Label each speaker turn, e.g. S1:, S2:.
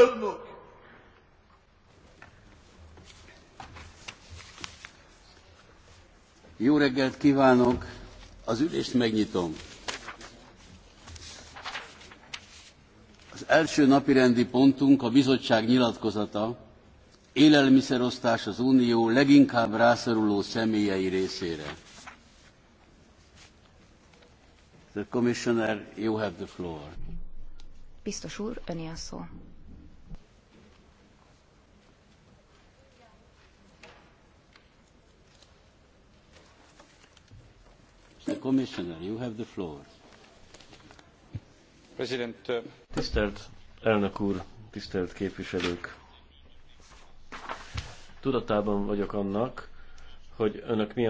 S1: önök. Jó reggelt kívánok! Az ülést megnyitom. Az első napirendi pontunk a bizottság nyilatkozata, élelmiszerosztás az Unió leginkább rászoruló személyei részére. The Commissioner, you have the floor.
S2: Biztos úr, öné a szó.
S3: Uh, tisztelt elnök úr, tisztelt képviselők! Tudatában vagyok annak, hogy önök milyen